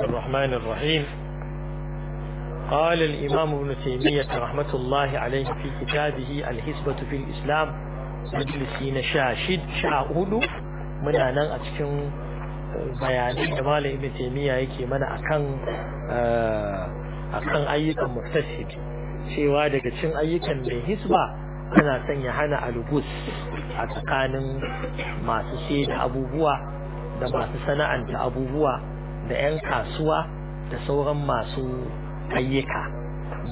الرحمن الرحيم قال الإمام ابن تيمية رحمة الله عليه في كتابه الحسبة في الإسلام مجلسين شاشد شاهد من أنا أتكن بياني جمال ابن تيمية يكي من أكن أكن أيكا محتسب cewa daga cin ayyukan mai hisba ana sanya hana alubus a tsakanin masu sai da abubuwa da masu sana'anta abubuwa da 'yan kasuwa da sauran masu ayyuka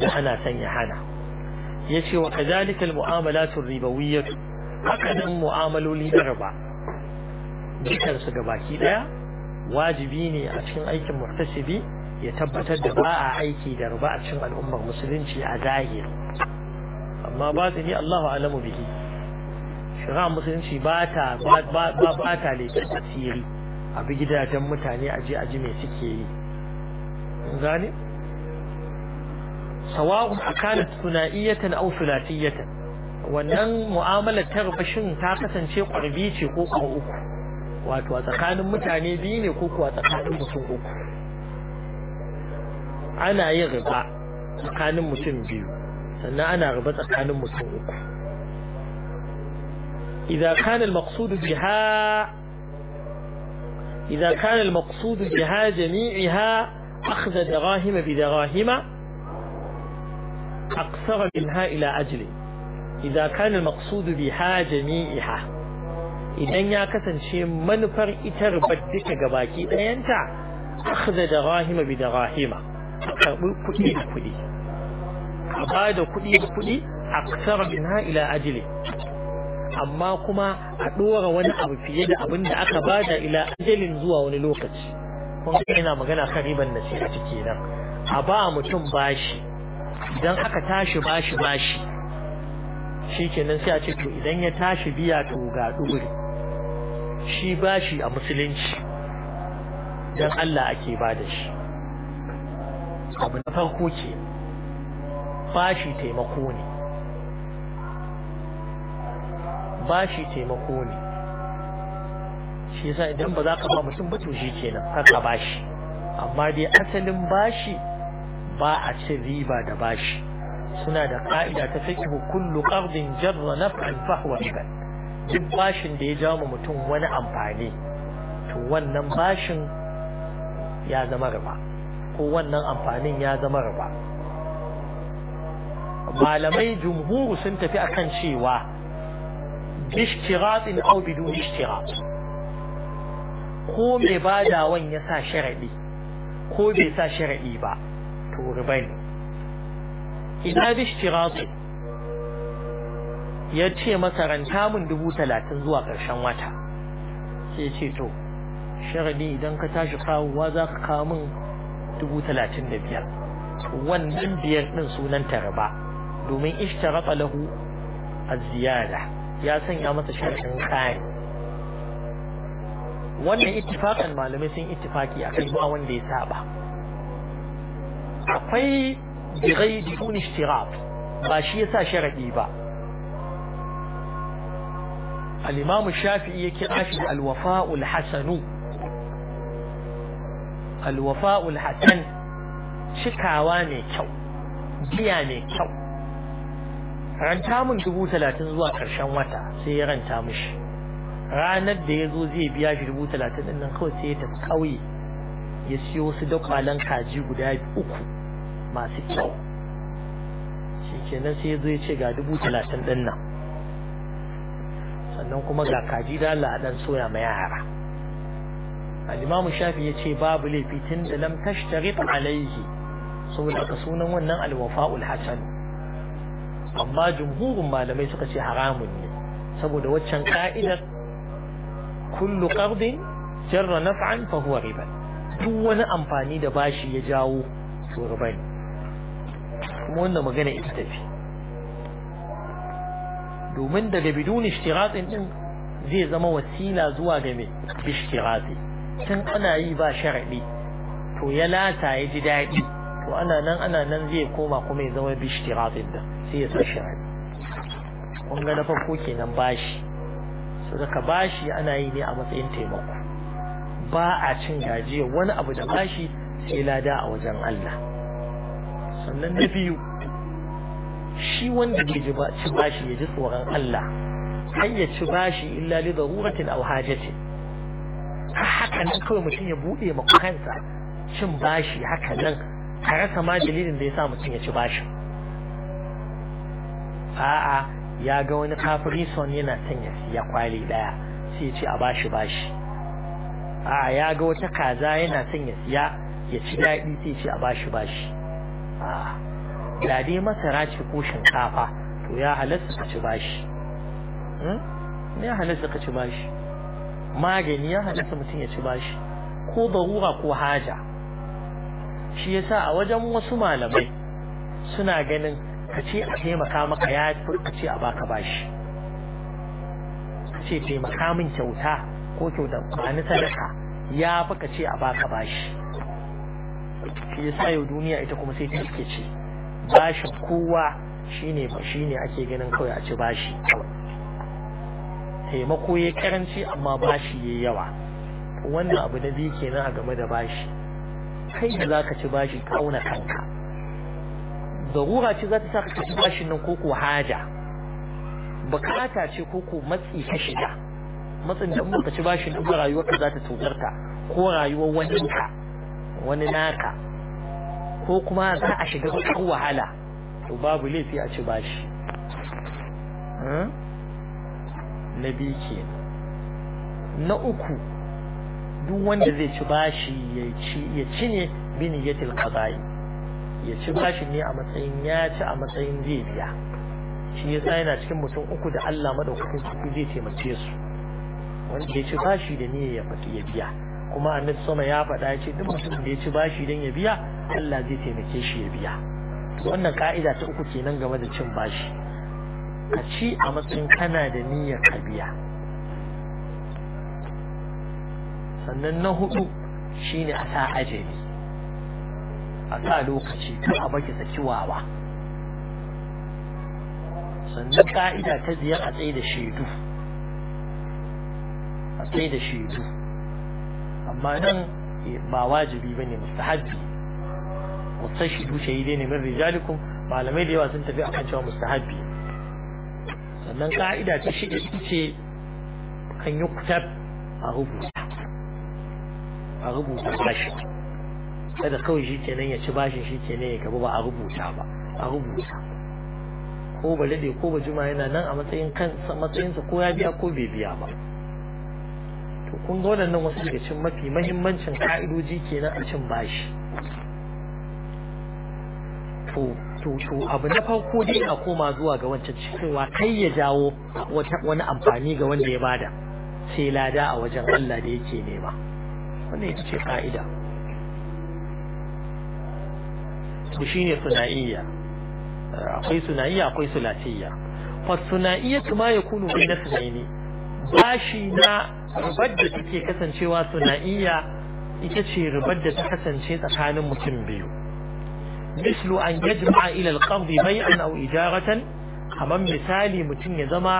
da ana sanya hana ya ce wa kazalikal mu'amalatun ribawiyyatu haka nan mu'amaloli na riba dukansu ga baki daya wajibi ne a cikin aikin muhtasibi ya tabbatar da ba a aiki da riba a cikin al'ummar musulunci a zahiri amma ba ne Allahu alamu bihi shari'ar musulunci ba ta ba ta asiri a bi gidajen mutane a je a ji me suke yi gane sawa'un akanat suna'iyatan aw sulatiyatan wannan mu'amalar ta rubashin ta kasance ƙwarbi ce ko ƙwar uku wato a tsakanin mutane biyu ne ko kuwa tsakanin mutum uku ana yin riba tsakanin mutum biyu sannan ana riba tsakanin mutum uku إذا كان المقصود بها إذا كان المقصود بها جميعها أخذ دراهم بدراهم أقصر منها إلى أجل إذا كان المقصود بها جميعها إذن يا كسنشي منفر إتر بدك قباكي أنت أخذ دراهم بدراهم أقرب كلي كلي أباد كلي أقصر منها إلى أجل amma kuma a ɗora wani abu fiye da abin da aka da ila ajalin zuwa wani lokaci kun ina magana kan riban da kenan a ba mutum bashi idan aka tashi bashi bashi nan sai a ce to idan ya tashi biya to ga duburi shi bashi a musulunci dan Allah ake bada shi abu na farko ke bashi taimako ne bashi taimako ne shi yasa idan ba za ka ba mutum ba to shi kenan haka bashi amma dai asalin bashi ba a ci riba da bashi suna da ka'ida ta fiqhu kullu qardin jarra naf'an fa huwa riba duk bashin da ya jawo mutum wani amfani to wannan bashin ya zama riba ko wannan amfanin ya zama riba malamai jumhuru sun tafi akan cewa bishtirat in au bidu bishtirat ko mai wani ya sa sharaɗi ko bai sa sharaɗi ba to riba ne ina bishtirat ya ce masa ranta min dubu talatin zuwa ƙarshen wata sai ce to sharadi idan ka tashi kawowa za ka kawo min dubu talatin da biyar wannan biyar ɗin sunan ta riba domin ishtarata lahu a ziyada ya sanya masa sharhin tsari wannan ittifakan malamai sun ittifaki akan ba wanda ya saba akwai bigai dukun ba shi yasa sharadi ba al-imam shafi'i ya kira shi al-wafa'ul hasanu al-wafa'ul hasan cikawa mai kyau biya mai kyau ranta min dubu talatin zuwa ƙarshen wata sai ya ranta mishi ranar da ya zo zai biya shi dubu talatin ɗin nan kawai sai ya tafi ƙauye ya siyo su dakwalan kaji guda uku masu kyau shi kenan sai ya zo ya ce ga dubu talatin ɗin nan sannan kuma ga kaji da Allah a ɗan soya ma yara alimamu shafi ya ce babu laifi tun da lam alaihi saboda ka sunan wannan alwafa'ul hasanu amma jumhurin malamai suka ce haramun ne saboda waccan ka'idar kullu qardin jarra naf'an fa huwa riba duk wani amfani da bashi ya jawo to riba ne kuma wannan magana ita tafi domin daga biduni ishtiratin din zai zama wasila zuwa ga me ishtirati tun ana yi ba sharadi to ya lata ya ji daɗi to ana nan ana nan zai koma kuma ya zama bishtirafin din sai ya sashi kun ga na farko kenan bashi so daga bashi ana yi ne a matsayin taimako ba a cin gajiya wani abu da bashi sai lada a wajen Allah sannan na biyu shi wanda bai ji ci bashi ya ji tsoron Allah har ya ci bashi illa li daruratin aw hajatin haka nan kawai mutum ya buɗe ma kansa cin bashi haka nan a rasa ma dalilin da ya sa mutum ya ci bashin a'a ya ga wani kafiri son yana son ya siya kwali daya sai ce a bashi bashi a'a ya ga wata kaza yana son ya siya ya ci daɗi sai ce a bashi bashi a'a da dai masara ce ko shinkafa to ya halasta ka ci bashi hmm? ya halasta ka ci bashi magani ya halasta mutum ya ci bashi ko barura ko haja shi yasa a wajen wasu malamai suna ganin ka ce a taimaka maka ya fi ka ce a baka bashi ka ce taimaka min kyauta ko kyauta ma'ani sadaka ya fi ka ce a baka bashi shi yasa yau duniya ita kuma sai ta ke ce bashin kowa shine shine ake ganin kawai a ce bashi taimako ya karanci amma bashi ya yawa wannan abu na biyu kenan a game da bashi kai da ka ci bashi kauna kanka zarura ce za ta sa ka ci bashin nan koko haja bukata ce koko matsi ka shiga matsin da ka ci bashin nan ba ka za ta tozarta ko rayuwar wani ka wani naka ko kuma za a shiga cikin wahala to babu laifi a ci bashi hmm? na biyu ke na uku duk wanda zai ci bashi ya ci ne yatil qada'i ya ci bashin ne a matsayin ya ci a matsayin zai biya shi ya yasa yana cikin mutum uku da Allah madaukakin ciki zai taimake su wanda ya ci bashi da niyya ya ya biya kuma annabi sama ya faɗa ya ce duk mutum da ya ci bashi dan ya biya Allah zai taimake shi ya biya wannan ka'ida ta uku kenan game da cin bashi ka ci a matsayin kana da niyyar ka biya sannan na hudu shine a sa ajali a sa lokaci ko a baki sakiwawa sannan ka'ida ta biyar a tsaye da shaidu a tsaye da shaidu amma nan eh, ba wajibi ba ne mustahabbi wasu shaidu shaidai ne min rijalikum malamai da yawa sun tafi akan cewa mustahabbi sannan ka'ida ta shiga ita ce kan yi kutab a rubuta a rubuta bashi kada kawai shi kenan ya ci bashin shi kenan ya gaba ba a rubuta ba a rubuta ko ba lade ko ba juma yana nan a matsayin kansa matsayinsa ko ya biya ko bai biya ba to kun ga wannan wasu daga cikin mafi mahimmancin ka'idoji kenan a cin bashi to to to abu na farko dai a koma zuwa ga wancan cewa kai ya jawo wani amfani ga wanda ya bada sai lada a wajen Allah da yake nema wannan ita ce ka'ida to shine sunaiya akwai sunaiya akwai sulatiyya fa sunaiya kuma yakunu bi nasbaini bashi na rubar da take kasancewa sunaiya ita ce rubar da ta kasance tsakanin mutum biyu mislu an yajma'a ila al-qard bai'an aw ijaratan kamar misali mutum ya zama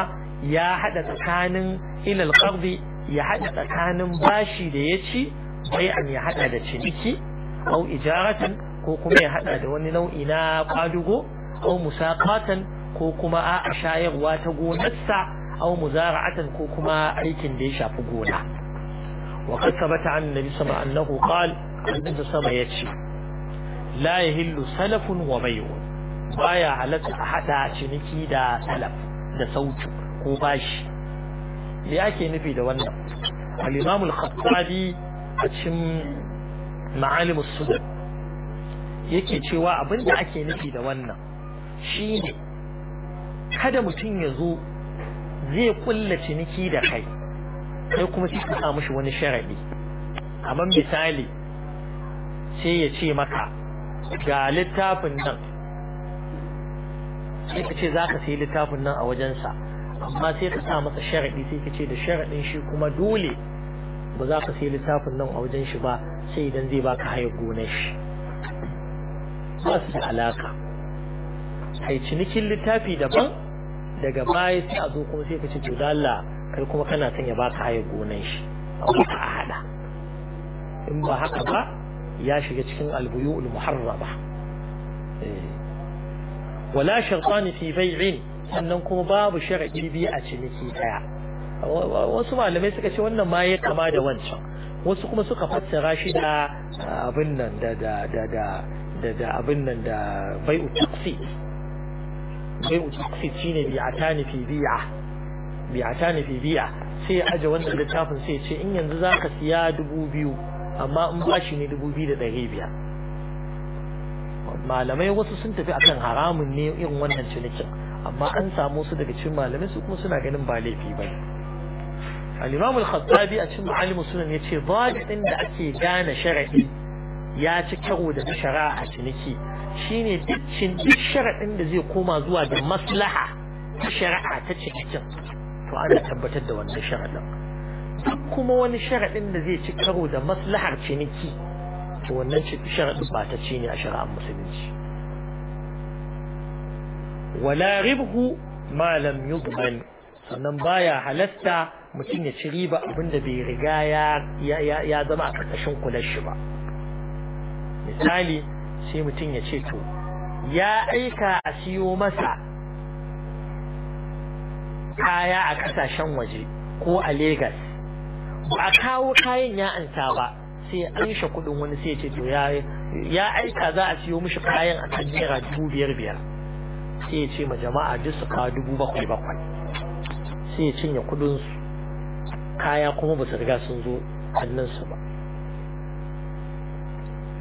ya hada tsakanin ila al ya hada tsakanin bashi da ya ci bai'an ya hada da ciniki aw ijaratan ko kuma ya hada da wani nau'i na kwadugo au musaqatan ko kuma a shayarwa ta gonarsa au muzara'atan ko kuma aikin da ya shafi gona wa qad sabata an nabi sama annahu qal annabi sama yace la yahillu salafun wa bay'un baya halatta a hada ciniki da salaf da sautu ko bashi me ake nufi da wannan al-imam al-khattabi a cikin ma'alim as-sunnah yake cewa abin da ake nufi da wannan shi ne kada mutum ya zo zai kulla ciniki da kai kai kuma sai ka mishi wani sharadi amma misali sai ya ce maka ga littafin nan sai ka ce za ka sayi littafin nan a wajensa amma sai ka sa masa sharaɗi sai ka ce da sharaɗin shi kuma dole ba za ka sayi littafin nan a wajen shi ba sai idan zai baka hayar gonar shi ba su da alaka kai cinikin littafi daban daga baya sai a zo kuma sai ka ce to Allah kai kuma kana son ya baka haye gonan shi a hada in ba haka ba ya shiga cikin albuyul muharraba eh. wala shartani fi bai'in sannan kuma babu shar'i bi a ciniki daya wasu malamai suka ce wannan ma ya kama da wancan wasu kuma suka fassara shi da abin nan da da da da abin nan da bai utaqsi bai utaqsi shine bi'atani fi bi'a bi'atani fi biya sai ya aje wannan littafin sai ya ce in yanzu zaka siya dubu biyu amma in bashi ne dubu biyu da ɗari biyar malamai wasu sun tafi akan haramun ne irin wannan cinikin amma an samu su daga cikin malamai su kuma suna ganin ba laifi ba al-imam al-khattabi a cikin ma'alimus sunan yace zabi din da ake gane shara'i. ya ci kyau da shari'a ciniki shine dukkan duk sharaɗin da zai koma zuwa da maslaha ta shari'a ta cikin. to ana tabbatar da wannan sharaɗin duk kuma wani sharaɗin da zai ci karo da maslahar ciniki to wannan sharaɗin ba ta ci ne a shari'ar musulunci wala ribhu ma lam sannan baya halatta mutum ya ci riba abinda bai riga ya zama a ƙarƙashin kulan shi ba misali sai mutum ya ce to ya aika a siyo masa kaya a kasashen waje ko a Legas ba a kawo kayan ya ansa ba sai ya ansha kudin wani sai ya ce to ya aika za a siyo mishi kayan a kan naira dubu biyar biyar sai ya ce ma jama'a duk su kawo dubu bakwai bakwai sai ya cinye kudin su kaya kuma ba su riga sun zo hannun su ba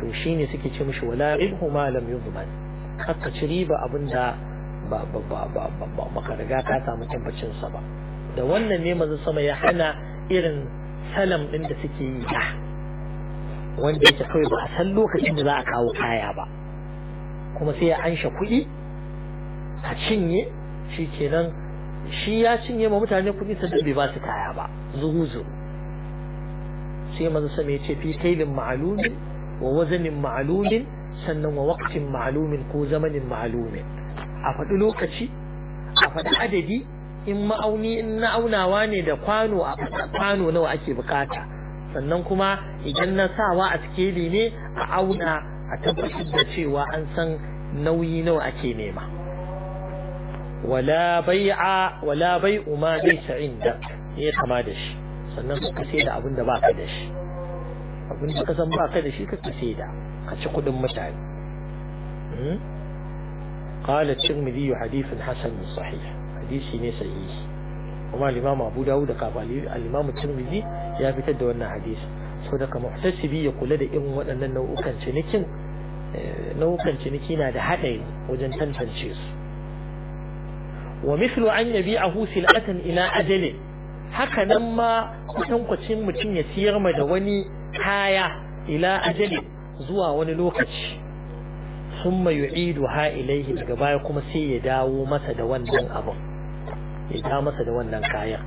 to shine suke ce mishi wala ribhu ma lam yudman haka ci riba abinda ba ba ba ba ba ba riga ka samu tabbacin sa ba da wannan ne manzo sama ya hana irin salam din da suke yi da wanda yake kawai ba a san lokacin da za a kawo kaya ba kuma sai ya ansha kuɗi a cinye shi kenan shi ya cinye ma mutane kuɗi sannan bai ba su kaya ba zuhu zuhu sai manzo sama ya ce fi kailin wa wazanin ma'alumin sannan wa waqtin ma'alumin ko zamanin malumin a faɗi lokaci a faɗi adadi in ma'auni in na aunawa ne da kwano a kwano nawa ake bukata sannan kuma idan na sawa a sikeli ne a auna a tabbatar da cewa an san nauyi nawa ake nema wala bai'a wala bai'u ma laysa inda ya kama da shi sannan ka sai da abin da baka da shi abin da ka san ba ka da shi ka saida ka ci kudin mutane قال الترمذي حديث حسن صحيح حديث صحيح وما الإمام أبو داود قال الإمام الترمذي يا بتد وانا حديث صدق محتسبي يقول لدي إن وانا نوكا شنكين نوكا شنكين هذا حقين وجن تنفنشيس ومثل أن يبيعه سلعة إلى أجل haka nan ma kusan kwacin mutum ya siyar ma da wani kaya ila ajali zuwa wani lokaci summa yu'idu ha ilaihi daga baya kuma sai ya dawo masa da wannan abin ya dawo masa da wannan kayan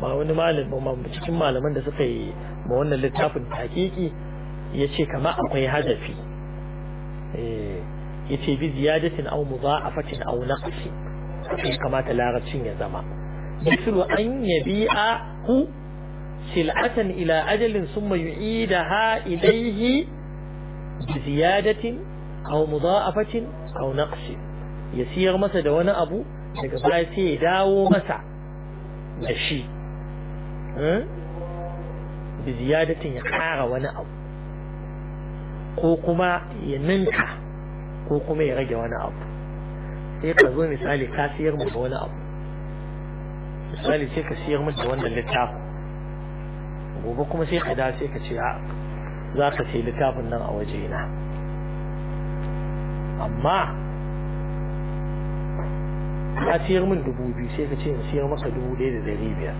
ba wani malamin cikin malaman da suka yi ma wannan littafin hakiki ya ce kama akwai hadafi eh, ya ce bi ziyadatin au muza'afatin au naqsi kamata larabcin ya zama mislu an a hu sil'atan ila ajalin summa yu'idaha ilayhi bi ziyadatin aw mudha'afatin aw naqsin ya siyar masa da wani abu daga baya sai ya dawo masa da shi hmm? bi ziyadatin ya kara wani abu ko kuma ya ninka ko kuma ya rage wani abu sai ka zo misali ka siyar mu da wani abu misali sai ka siyar mu da wannan littafin gobe kuma sai ka dace ka ce za ka sai littafin nan a waje na amma ka siyar min dubu biyu sai ka ce in siyar maka dubu ɗaya da ɗari biyar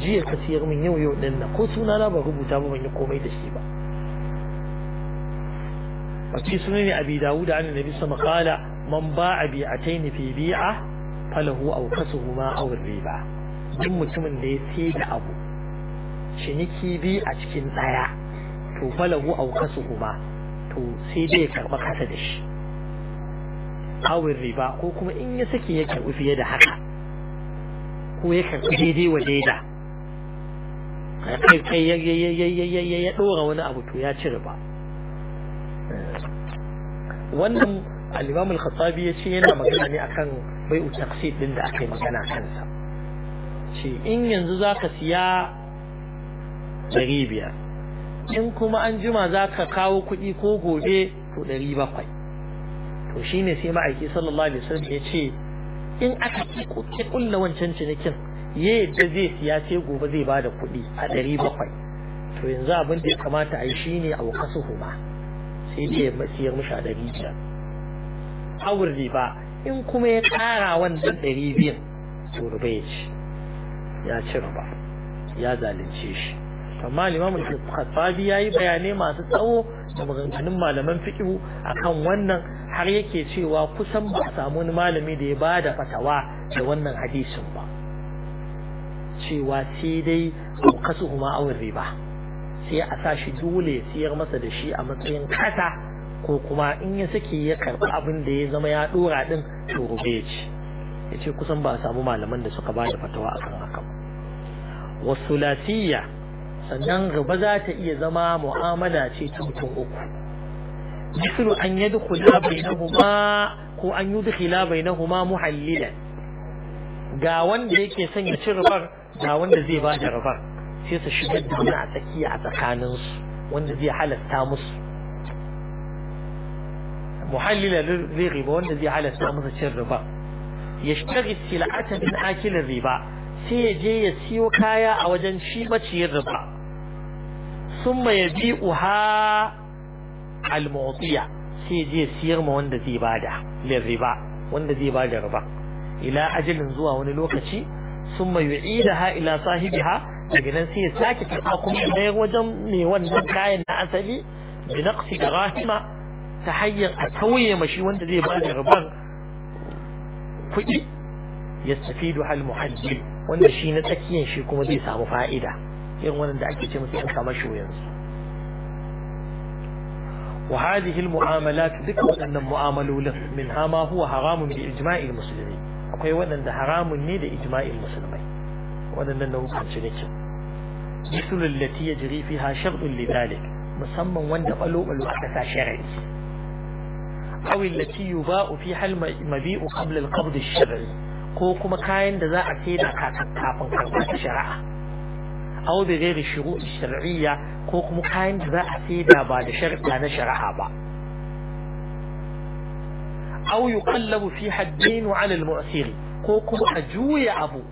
jiya ka siyar min yau yau ɗin nan ko suna na ba rubuta ba ban yi komai da shi ba a ci sunan abi dawud an nabi sama a man a tainafi fi a falahu aw kasuhuma aw riba duk mutumin da ya sai da abu ciniki bi a cikin ɗaya to falahu au kasu ba. to sai dai karba kasa da shi awin riba ko kuma in ya saki ya karɓi fiye da haka ko ya karɓi daidai wa daida kai kai ya ɗora wani abu to ya ci riba wannan al-imam al-khattabi ya ce yana magana ne akan bai'u taqsid din da aka yi magana kansa ce in yanzu zaka siya ɗari biyar in kuma an jima za ka kawo kuɗi ko gobe to ɗari bakwai to shi ne sai ma'aiki sallallahu alaihi wasallam ya ce in aka ke ƙulla wancan cinikin yadda zai siya ce gobe zai ba da kuɗi a ɗari bakwai to yanzu abin da ya kamata a yi shi ne a wakasu huma sai dai ya siyar mishi a ɗari biyar awur riba in kuma ya ƙara wannan ɗari biyar to rubai ya ci ya ci ya zalunce shi amma Imam Al-Khattabi yayi bayanai masu tsawo da maganganun malaman fiqh akan wannan har yake cewa kusan ba a samu wani malami da ya bada fatawa da wannan hadisin ba cewa sai dai kasuhuma aw ba sai a sa shi dole ya siyar masa da shi a matsayin kasa ko kuma in ya saki ya karɓi abin da ya zama ya dora din to rube ce yace kusan ba a samu malaman da suka bada fatawa akan haka ba wasulatiyya sannan riba za ta iya zama mu'amala ce ta mutum uku misru an na huma ko an yi bai yudkhila bainahuma muhallilan ga wanda yake sanya cin ci ribar ga wanda zai ba da ribar sai su shigar da wani a tsakiya a tsakaninsu wanda zai halatta musu muhallilan zai riba wanda zai halatta musu cin riba yashtaghi sil'atan min akilin riba sai ya je ya siyo kaya a wajen shi maciyin riba summa yabi'uha uha mutiya sai je siyar ma wanda zai bada riba wanda zai bada riba ila ajalin zuwa wani lokaci da ha ila sahibiha daga nan sai ya sake karɓa kuma ɗaya wajen mai wannan kayan na asali bi naqsi rahima ta hanyar a tauye mashi wanda zai bada riban kuɗi yastafidu hal muhajjil wanda shi na tsakiyan shi kuma zai samu fa'ida يرون أن دعك كم تكون تمشوا ينس وهذه المعاملات ذكر أن المعاملة منها ما هو حرام بإجماع المسلمين أقول وأن أن حرام نيد إجماع المسلمين وأن أن النوم كان شنيك مثل التي يجري فيها شر لذلك مصمم وأن قالوا الوحدة شرعي أو التي يباء فيها المبيء قبل القبض الشرعي كوكو مكاين دزا أكيد أكاكا كابن كابن شرعه aw bi ghairi shuru'i shar'iyya ko kuma kayan da za a saida ba da sharɗa na shari'a ba aw yuqallabu fi haddin wa al-mu'siri ko kuma a juya abu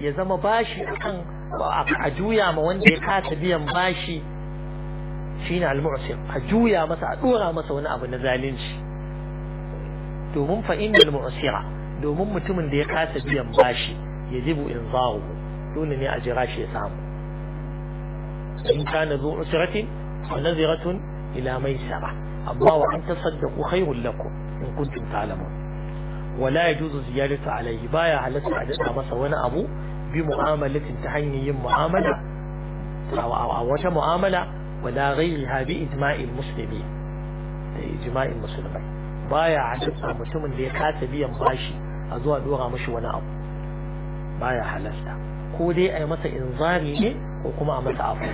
ya zama bashi akan a juya ma wanda ya kasa biyan bashi shine al-mu'sir a juya masa a dora masa wani abu na zalunci domin fa domin mutumin da ya kasa biyan bashi yajibu inzahu dole ne a jira shi ya samu فإن كان ذو عسرة فنذرة إلى ميسرة الله أن تصدقوا خير لكم إن كنتم تعلمون ولا يجوز زيادة عليه بايا على سعادة أمس وانا أبو بمعاملة تهني معاملة أو أو أو معاملة ولا غيرها بإجماع المسلمين إجماع المسلمين بايا على مسلم لكاتبيا ماشي أزوى دورا مش وانا أبو بايع على سعادة كودي a yi masa ko kuma a masa abu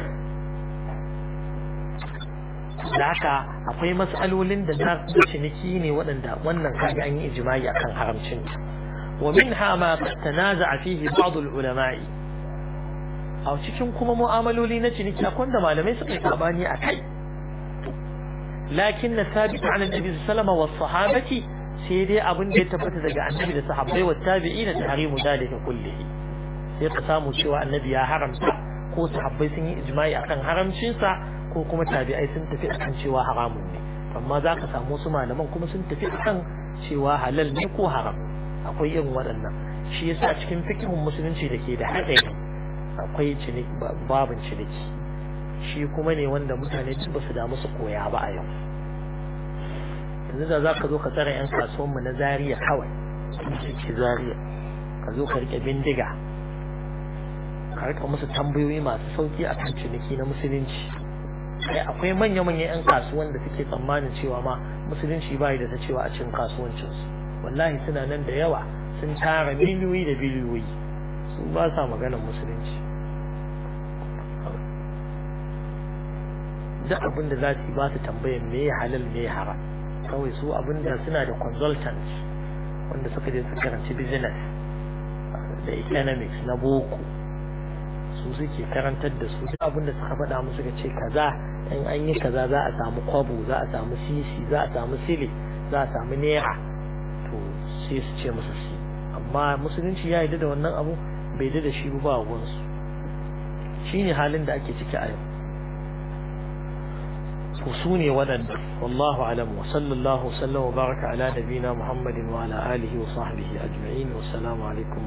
da haka akwai matsalolin da na ciniki ne waɗanda wannan kaga an yi ijimai akan haramcin wa minha ma tanaza'a fihi ba'd al-ulama'i a cikin kuma mu'amaloli na ciniki akwai da malamai suka sabani a kai lakin na sabita an annabi salama wa sahabati sai dai abin da ya tabbata daga annabi da sahabbai wa tabi'ina tahrimu da kullihi sai ka samu cewa annabi ya haramta ko sahabbai sun yi ijma'i akan haramcinsa ko kuma tabi'ai sun tafi akan cewa haramun ne amma za ka samu su malaman kuma sun tafi akan cewa halal ne ko haram akwai irin waɗannan shi yasa cikin fikihun musulunci da ke da haɗari akwai babin ciniki shi kuma ne wanda mutane ba su damu su koya ba a yau yanzu da za ka zo ka tsara 'yan kasuwanmu na zariya kawai zariya ka zo ka riƙe bindiga ka rika musu tambayoyi masu sauki a kan ciniki na musulunci akwai manya-manyan 'yan kasuwan da suke tsammanin cewa ma musulunci bai da ta cewa a cikin kasuwancinsu wallahi suna nan da yawa sun tara miliyoyi da biliyoyi sun ba sa maganar musulunci duk abin da za su ba su tambayan me halal me ya haram kawai su abin da suna da consultant wanda suka je su karanci business da economics na boko su suke karantar da su abin da suka faɗa musu ga ce kaza in an yi kaza za a samu kwabo za a samu sisi za a samu sili, za a samu nera, to sai su ce musu si amma musulunci ya yarda da wannan abu bai yarda da shi ba gunsu shine halin da ake ciki a yau Ku su ne waɗanda wallahu alam wa sallallahu sallam wa baraka ala nabina muhammadin wa ala alihi wa sahbihi ajma'in wa salamu alaikum